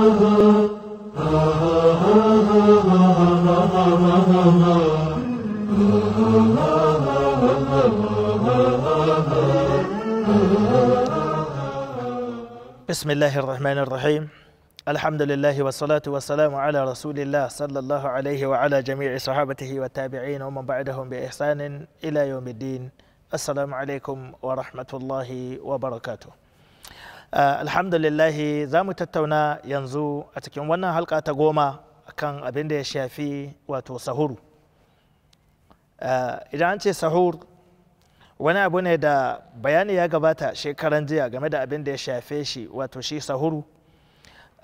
بسم الله الرحمن الرحيم الحمد لله والصلاة والسلام على رسول الله صلى الله عليه وعلى جميع صحابته والتابعين ومن بعدهم بإحسان إلى يوم الدين السلام عليكم ورحمة الله وبركاته Eh, alhamdulillahi za mu tattauna yanzu a cikin wannan halka ta goma kan abin da ya shafi wato sahuru eh, idan an ce sahur wani abu ne da bayani ya gabata shekaran jiya game da abin da ya shafe shi wato shi sahuru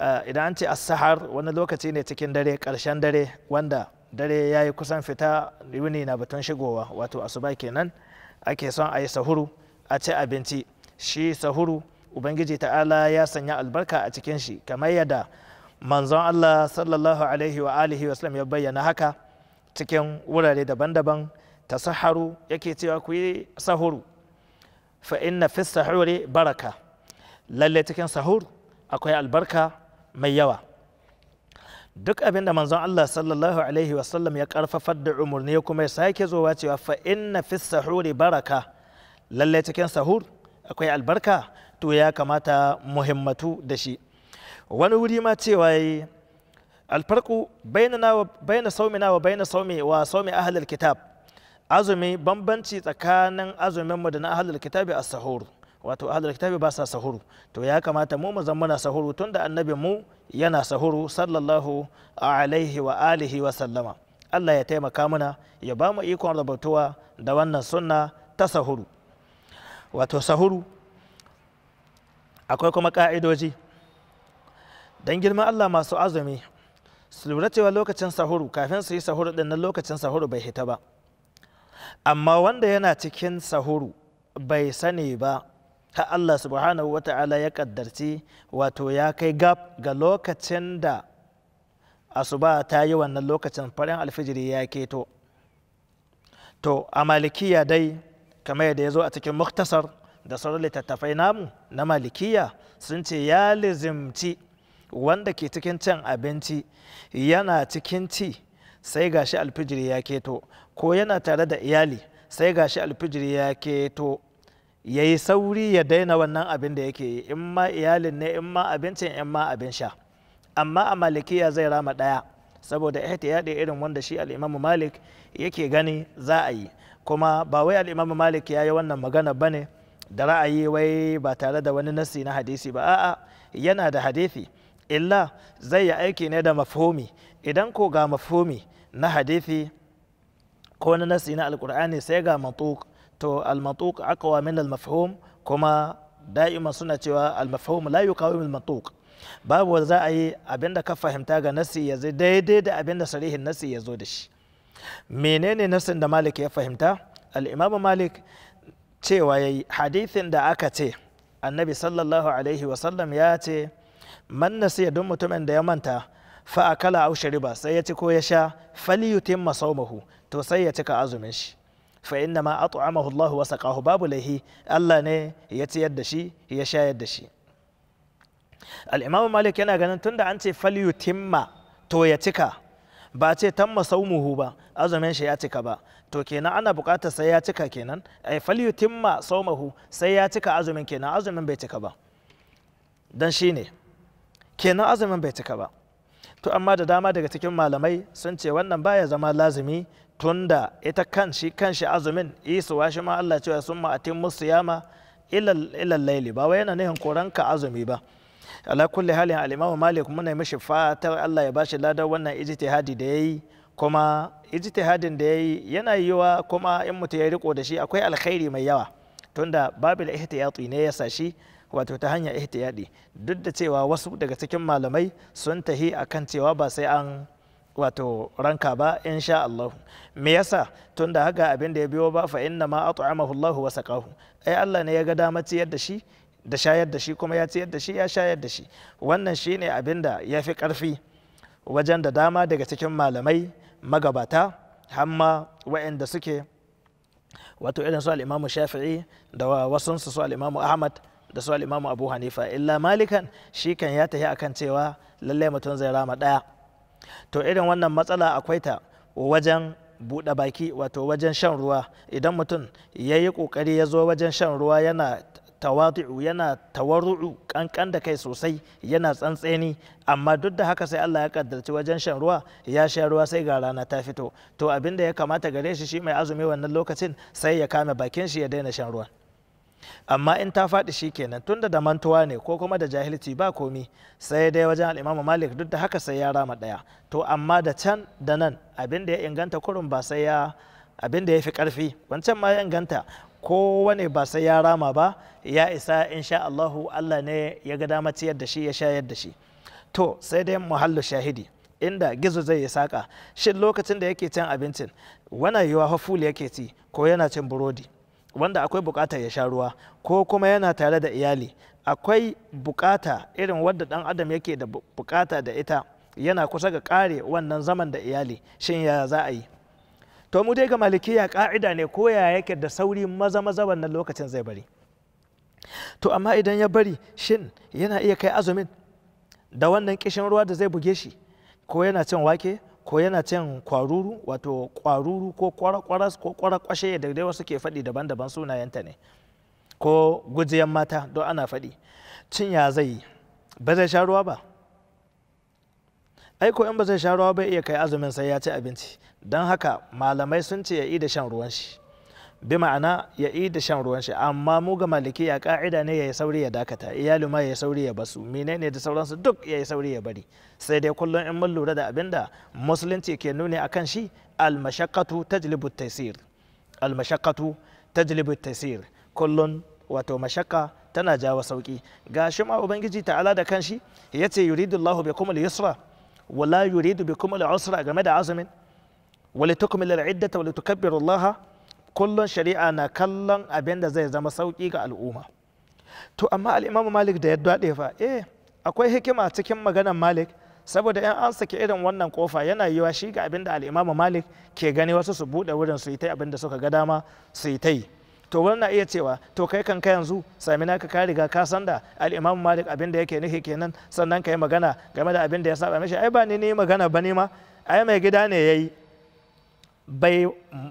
eh, idan an ce asahar wani lokaci ne cikin dare karshen dare wanda dare ya yi kusan fita yuni na batun shigowa wato asuba kenan ake son a yi sahuru a ci abinci shi sahuru ubangiji ta'ala ya sanya albarka a cikin shi kamar yadda manzon Allah sallallahu alaihi wa alihi ya bayyana haka cikin wurare daban-daban saharu yake cewa ku yi sahuru fa inna fi sahuri baraka lalle cikin sahur akwai albarka mai yawa duk abin da manzon Allah sallallahu alaihi ya karfafar da umarni ya kuma ya sake zowa cewa fa inna fi sahuri baraka lalle cikin sahur akwai albarka to ya kamata muhimmatu da shi wani wuri ma cewa yi alfarku saumi saumina wa bayan saumi wa saumi ahlul kitab azumi bambanci tsakanin azumin mu da na ahlul kitabi a sahur wato ahlul kitabi ba sa sahuru to ya kamata mu mu muna sahuru tunda annabin mu yana sahuru sallallahu alaihi wa alihi wa sallama Allah ya taimaka mana ya ba mu ikon rabatuwa da wannan sunna ta sahuru wato sahuru akwai kuma ka'idoji don girman allah masu azumi su lura cewa lokacin sahuru kafin su yi sahuru din nan lokacin sahuru bai hita ba amma wanda yana cikin sahuru bai sani ba ta allah subhanahu wa ta'ala ya kaddarci wato ya kai gab ga lokacin da asuba ta yi wannan lokacin farin alfijiri ya keto to a malikiya dai kamar yadda ya zo a cikin muktasar da sauran littattafai namu na malikiya sun ce ya lizimci wanda ke cikin cin abinci yana cikin ci sai gashi alfijiri ya keto ko yana tare da iyali sai gashi alfijiri ya keto ya yi sauri ya daina wannan abin da yake yi in ma iyalin ne in ma abincin in ma abin sha amma a malikiya zai rama ɗaya saboda yaɗe irin wanda shi al'imamu malik yake gani za a yi kuma ba wai al'imamu malik ya yi wannan magana ba ne da ra'ayi wai ba tare da wani nasi na hadisi ba a'a yana da hadisi illa zai yi aiki ne da mafhumi idan ko ga mafhumi na hadisi ko na nasi na alkur'ani sai ga matuk to almatuk aqwa min almafhum kuma da'ima suna cewa almafhum la yuqawim almatuk babu wanda za a yi abinda ka fahimta ga nasi ya zai daidai da abinda sarihin nasi ya zo da shi menene nasin da malik ya fahimta al-imam malik cewa ya yi hadithin da aka ce annabi sallallahu alaihi wasallam ya ce man nasiya duk mutumin da ya manta fa akala au shariba sai ya ci ko ya sha falyutimma sawmahu to sai ya cika azumin shi fa inna ma at'amahu Allah wa saqahu babu lahi Allah ne ya ci yadda shi ya sha yadda shi al-Imam Malik yana ganin tunda an ce falyutimma to ya cika ba ce tamma saumuhu ba azumin shi ya cika ba to kenan ana bukatar sai ya cika kenan ai falyutimma saumahu sai ya cika azumin kenan azumin bai cika ba dan shine kenan azumin bai cika ba to amma da dama daga cikin malamai sun ce wannan baya zama lazumi tunda ita kan shi kan shi azumin isuwa shi ma Allah cewa sun ma'atin musu yama ilal laili ba wai yana nihin ka azumi ba ala kulli halin al-imam malik muna mishi fatar Allah ya bashi ladar wannan ijtihadi da yayi kuma ijtihadin da ya yi yana yiwa kuma in mutum ya riko da shi akwai alkhairi mai yawa tunda babu da ihtiyati ne ya sashi wato ta hanyar ihtiyadi duk da cewa wasu daga cikin malamai sun tahi akan cewa ba sai an wato ranka ba insha Allah me yasa tunda haka abin da ya biyo ba fa inna ma at'amahu Allahu wa saqahu ai Allah ne ya ga dama ciyar da shi da shayar da shi kuma ya ciyar da shi ya shayar da shi wannan shine abin da ya fi karfi wajen da dama daga cikin malamai magabata hamma waɗanda suke wato irin su al'imamu shafi'i da wasansu su al'imamu ahmad da su al'imamu abu hanifa illa malikan shi kan ya tafi akan cewa lallai mutum zai rama ɗaya to irin wannan matsala akwai ta wajen buɗe baki wato wajen shan ruwa idan mutum ya yi ƙoƙari ya zo wajen shan ruwa yana Tawadu'u yana tawarru'u kankan da kai sosai yana tsantseni amma duk da haka sai Allah ya kaddarci wajen shan ruwa ya sha ruwa sai ga rana ta fito to abin da ya kamata gare shi shi mai azumi wannan lokacin sai ya kame bakin shi ya daina shan ruwan amma in ta faɗi shi kenan tun da mantuwa ne ko kuma da jahilci ba komi sai dai wajen al'imamu malik duk da haka sai ya rama ɗaya to amma da can da nan abin da ya inganta kurun ba sai ya abin da ya fi ƙarfi wancan ma ya inganta kowane ba sai ya rama ba ya isa insha Allahu Allah ne ya ga dama ciyar da shi ya shayar da shi to sai dai muhallu shahidi inda gizo zai yi saka shin lokacin da yake cin abincin wana yiwa haful yake ci ko yana cin burodi wanda akwai bukata ya sha ruwa ko kuma yana tare da iyali akwai bukata irin wanda dan adam yake da bukata da ita yana kusa ga kare wannan zaman da iyali shin ya za a yi to mu dai ga malikiya ka'ida ne ko ya yake da sauri maza maza wannan lokacin zai bari to amma idan ya bari shin yana iya kai azumin da wannan kishin ruwa da zai buge shi ko yana cin wake ko yana cin kwaruru wato kwaruru ko kwarakwaras ko kwarakwashe da dai wasu ke faɗi daban-daban sunayenta ne ko gujiyan mata don ana faɗi cin ya zai yi ba zai sha ruwa ba aiko in ba zai sha ruwa bai iya kai azumin sai ya ci abinci don haka malamai sun ce ya yi da shan ruwan shi bi ma'ana ya yi da shan ruwan shi amma mu ga maliki ya ka'ida ne ya yi sauri ya dakata iyali ma ya yi sauri ya basu menene da sauransu duk ya yi sauri ya bari sai dai kullum in mun lura da abin da musulunci ke nuni a kan shi almashakatu tajlibu tasir almashakatu tajlibu kullum wato mashakka tana jawo sauki ga shi ma ubangiji ta'ala da kanshi yace yuridullahu bikumul yusra wala yuridu bikum al-usra game da azumin wala tukmilu al-iddata wala tukabbiru Allah shari'a na kallon abinda zai zama sauki ga al'umma to amma al Malik da ya dade fa e akwai hikima cikin maganar Malik saboda in an saki irin wannan kofa yana yiwa shi ga abin da al Malik ke gani wasu su buɗe wurin su yi ta suka ga dama su yi to wani na iya cewa to kai kan ka yanzu sami naka ka riga ka san da al'imamu malik abin da yake nufi kenan sannan ka yi magana game da abin da ya saba mashi ai ba ni ne magana ba ne ma ai mai gida ne ya yi bai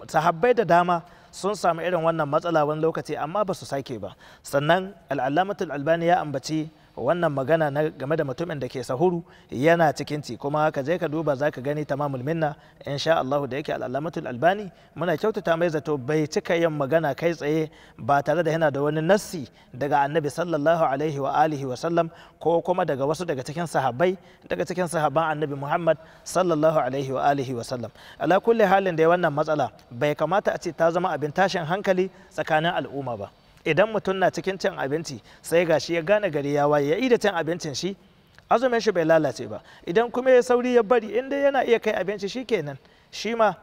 sahabbai da dama sun samu irin wannan matsala wani lokaci amma ba su sake ba sannan al'allamatul albani ya ambaci wannan magana na game da mutumin da ke sahuru yana cikin ci kuma ka je ka duba za ka gani tamamul minna insha Allah da yake al'alamatul albani muna kyautata mai zato bai cika yin magana kai tsaye ba tare da yana da wani nassi daga annabi sallallahu alaihi wa alihi wa sallam ko kuma daga wasu daga cikin sahabbai daga cikin sahabban annabi Muhammad sallallahu alaihi wa alihi wa sallam ala kulli halin da wannan matsala bai kamata a ce ta zama abin tashin hankali tsakanin al'umma ba idan mutum na cikin cin abinci sai gashi ya gane gari ya waye ya ida cin abincin shi azumin shi bai lalace ba idan kuma ya sauri ya bari inda yana iya kai abinci shi kenan shi ma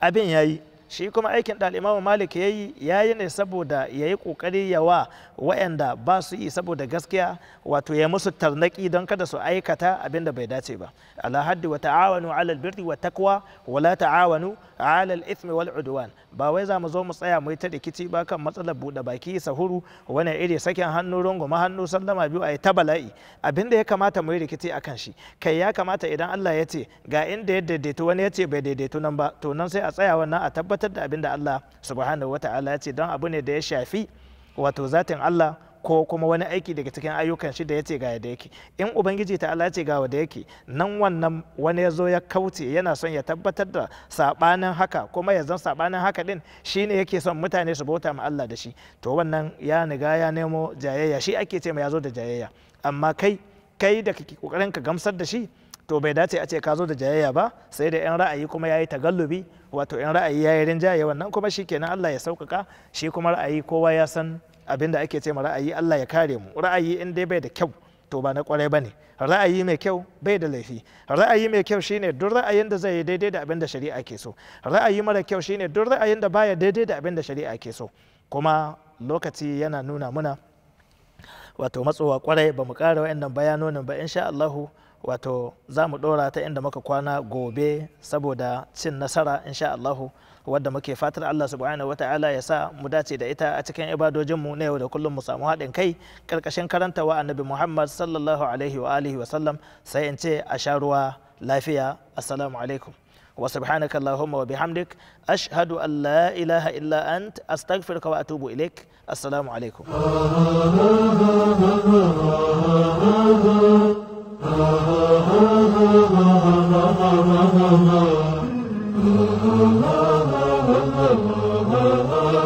abin yayi shi kuma aikin da al'imamu malik ya yi ya yi ne saboda ya yi ƙoƙari yawa wa'anda ba su yi saboda gaskiya wato ya musu tarnaki don kada su aikata abin da bai dace ba ala wa ta'awanu ala birri wa takwa wa la ta'awanu alal ithmi wal udwan ba wai za mu zo mu tsaya mu yi ta rikici ba kan matsalar buɗe baki sahuru wani iri sakin hannu runguma hannu sallama biyu a yi ta bala'i abin da ya kamata mu yi rikici akan shi kai ya kamata idan Allah ya ce ga inda ya daidaito wani ya ce bai daidaito nan ba to nan sai a tsaya wannan a tabbatar tabbatar da abin da Allah subhanahu ta'ala ya ce don abu ne da ya shafi wato zatin Allah ko kuma wani aiki daga cikin ayyukan shi da ya ce ga yadda yake in ubangiji ta Allah ce ga wanda yake nan wannan wani ya zo ya kauce yana son ya tabbatar da sabanin haka kuma ya zan sabanin haka din shine yake son mutane su bauta ma Allah da shi to wannan ya niga ya nemo jayayya shi ake ce ma ya zo da jayayya amma kai kai da kake kokarin ka gamsar da shi to bai dace a ce ka zo da jayayya ba sai da yan ra'ayi kuma yayi tagallubi wato yan ra'ayi ya yayi rinjaye wannan kuma shi na Allah ya saukaka shi kuma ra'ayi kowa ya san abin da ake ce ma ra'ayi Allah ya kare mu ra'ayi in dai bai da kyau to ba na kwarai bane ra'ayi mai kyau bai da laifi ra'ayi mai kyau shine duk ra'ayin da zai yi daidai da abin da shari'a ke so ra'ayi mara kyau shine duk ra'ayin da baya daidai da abin da shari'a ke so kuma lokaci yana nuna muna wato matsowa kwarai ba mu ƙara wa'annan bayanonin ba insha Allahu wato za mu dora ta inda muka kwana gobe saboda cin nasara insha Allahu wadda muke fatar Allah subhanahu wata'ala ya sa mu dace da ita a cikin ibadojinmu na yau da kullum mu samu haɗin kai karkashin wa annabi Muhammad sallallahu alaihi wa alihi wa sallam sai in ce a sha ruwa lafiya assalamu alaikum wa subhanaka allahumma wa bihamdik ashhadu an la ilaha illa ant astaghfiruka wa atubu ilaik assalamu alaikum Oh,